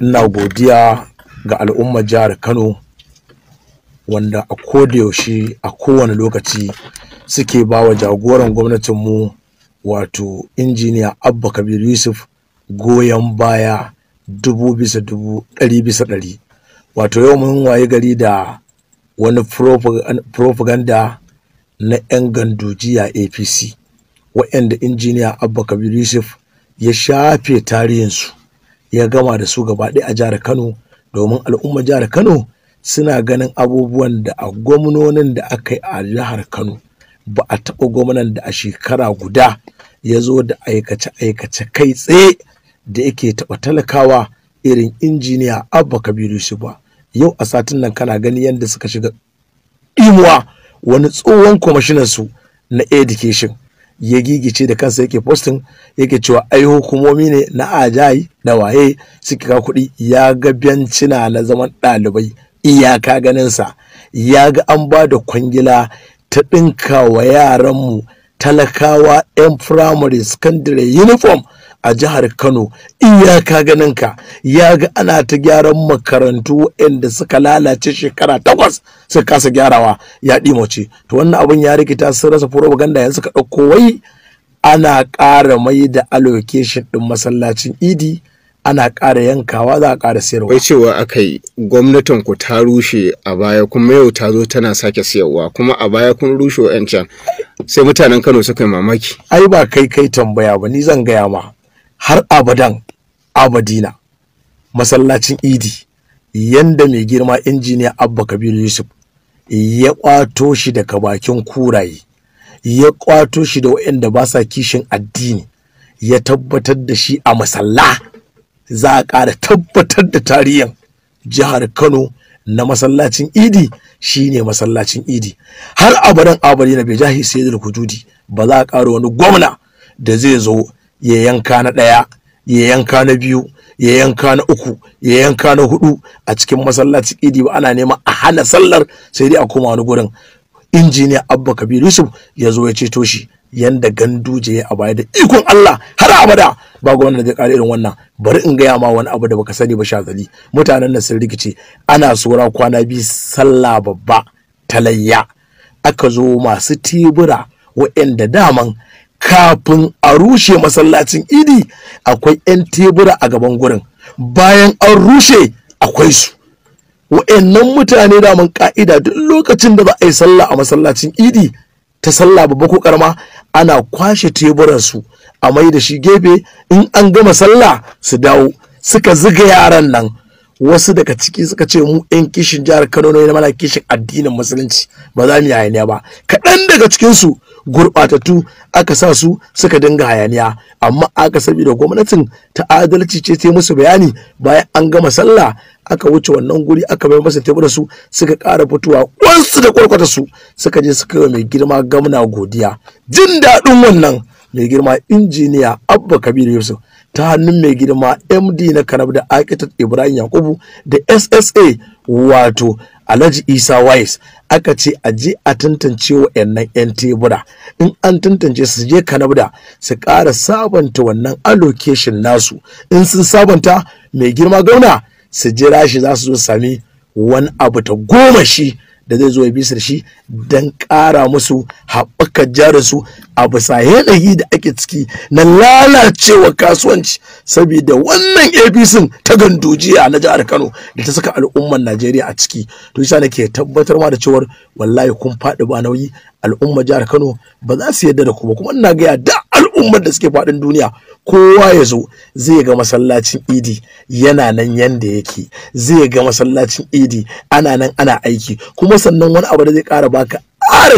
ina godiya ga al'ummar jihar Kano wanda a kodayaushe a kowane lokaci suke ba wa jagoran gwamnatinmu wato injiniya abba kabir yusuf goyon baya dubu bisa dubu ɗari bisa ɗari wato yau mun waye gari da wani propaganda na 'yan ganduji a apc waɗanda injiniya abba kabir yusuf ya shafe tarihinsu ya gama da su gaba ɗaya a jihar Kano domin al'ummar jihar Kano suna ganin abubuwan da a gwamnonin da aka yi a jihar Kano ba a taɓa gwamnan da a shekara guda ya zo da aikace-aikace kai tsaye da yake taɓa talakawa irin injiniya abba kabiru shi ba yau a satin nan kana gani yadda suka shiga imuwa wani tsohon kwamashinansu na education ya gigice da kansa yake postin yake cewa ai hukumomi ne na ajayi da waye suke ka kuɗi ya ga biyancina na zaman ɗalibai iyaka ganinsa ya ga an ba da kwangila ta ɗinka wa mu talakawa 'yan firamare secondary uniform a jihar Kano iyaka ganinka ya ga ana ta gyaran makarantu waɗanda suka lalace shekara takwas suka kasa gyarawa ya ɗimoce to wannan abin ya rikita sun rasa propaganda yanzu ka ɗauko wai ana ƙara mai da allocation ɗin masallacin idi ana ƙara yankawa za a ƙara sayarwa. Wai cewa aka yi gwamnatin ku ta rushe a baya kuma yau ta zo tana sake sayarwa kuma a baya kun rushe wa'yancan sai mutanen Kano suka yi mamaki. Ai ba kai kai tambaya ba ni zan gaya ma har abadan abadina masallacin idi yanda mai girma injiniya abba kabiru yusuf ya kwato shi daga bakin kuraye ya kwato shi da waɗanda ba sa kishin addini ya tabbatar da shi a masalla za a ƙara tabbatar da tarihin jihar kano na masallacin idi shine masallacin idi har abadan abadina bai jahi sai da kududi ba za a ƙara wani gwamna da zai zo ya yanka na ɗaya ya yanka na biyu ya yanka na uku ya yanka na hudu a cikin masallaci idi ba ana neman a hana sallar sai dai a koma wani gurin injiniya abba kabir yusuf ya zo ya ceto shi yanda ganduje ya abaya da ikon allah har abada ba ga wannan da kare irin wannan bari in gaya ma wani abu da baka sani ba shazali mutanen nan sun rikice ana tsora kwana biyu sallah babba talayya aka zo masu tibura waɗanda daman kafin a rushe masallacin idi akwai 'yan tebura a gaban gurin bayan an rushe akwai su wa'annan mutane daman ka'ida duk lokacin da za a yi sallah a masallacin idi ta sallah babba ko karama ana kwashe teburan su a mai da shi gefe in an gama sallah su dawo suka ziga yaran nan wasu daga ciki suka ce mu yan kishin jihar kano ne mana kishin addinin musulunci ba za mu yayane ba kaɗan daga cikinsu gurɓatattu aka sa su suka dinga hayaniya amma aka da gwamnatin ta adalci ce ta musu bayani bayan an gama sallah aka wuce wannan guri aka bai masa tebura su suka ƙara fitowa kwansu da kwarkwata su suka je suka yi mai girma gamna godiya jin daɗin wannan mai girma injiniya abba kabir yusuf ta hannun mai girma md na kanabu da akitat ibrahim yakubu da ssa wato alhaji isa wise aka ce a je a tantance wa 'yan tebura in an tantance su je kanabda su ƙara sabanta wannan allocation nasu in sun sabanta mai girma gauna su jira shi za su zo sami wani abu ta goma shi da zai zo ya bisa da shi don ƙara musu haɓakar jarinsu a bisa yanayi da ake ciki na lalacewa kasuwanci saboda wannan apc ta gandujiya na jihar kano da ta saka al'ummar najeriya a ciki to yasa nake tabbatar ma da cewar wallahi kun faɗi ba nauyi al'ummar jihar kano ba za su yarda da ku ba kuma ina gaya da al'ummar da suke faɗin duniya kowa ya zo zai ga masallacin idi yana nan yanda yake zai ga masallacin idi ana nan ana aiki kuma sannan wani abu da zai ƙara baka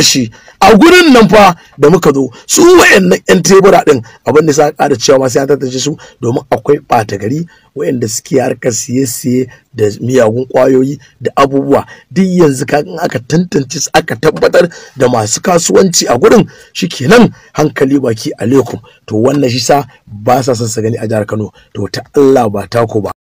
shi a gurin nan fa da muka zo su wayannan yan tebura din abin da sa ƙara cewa ma sai an tantance su domin akwai ɓata gari wayanda suke harkar siye-siye da miyagun kwayoyi da abubuwa duk yanzu ka aka tantance su aka tabbatar da masu kasuwanci a gurin shikenan hankali baki alaikum to wannan shi sa ba sa son su gani a jihar Kano to ta Allah ba ta ko ba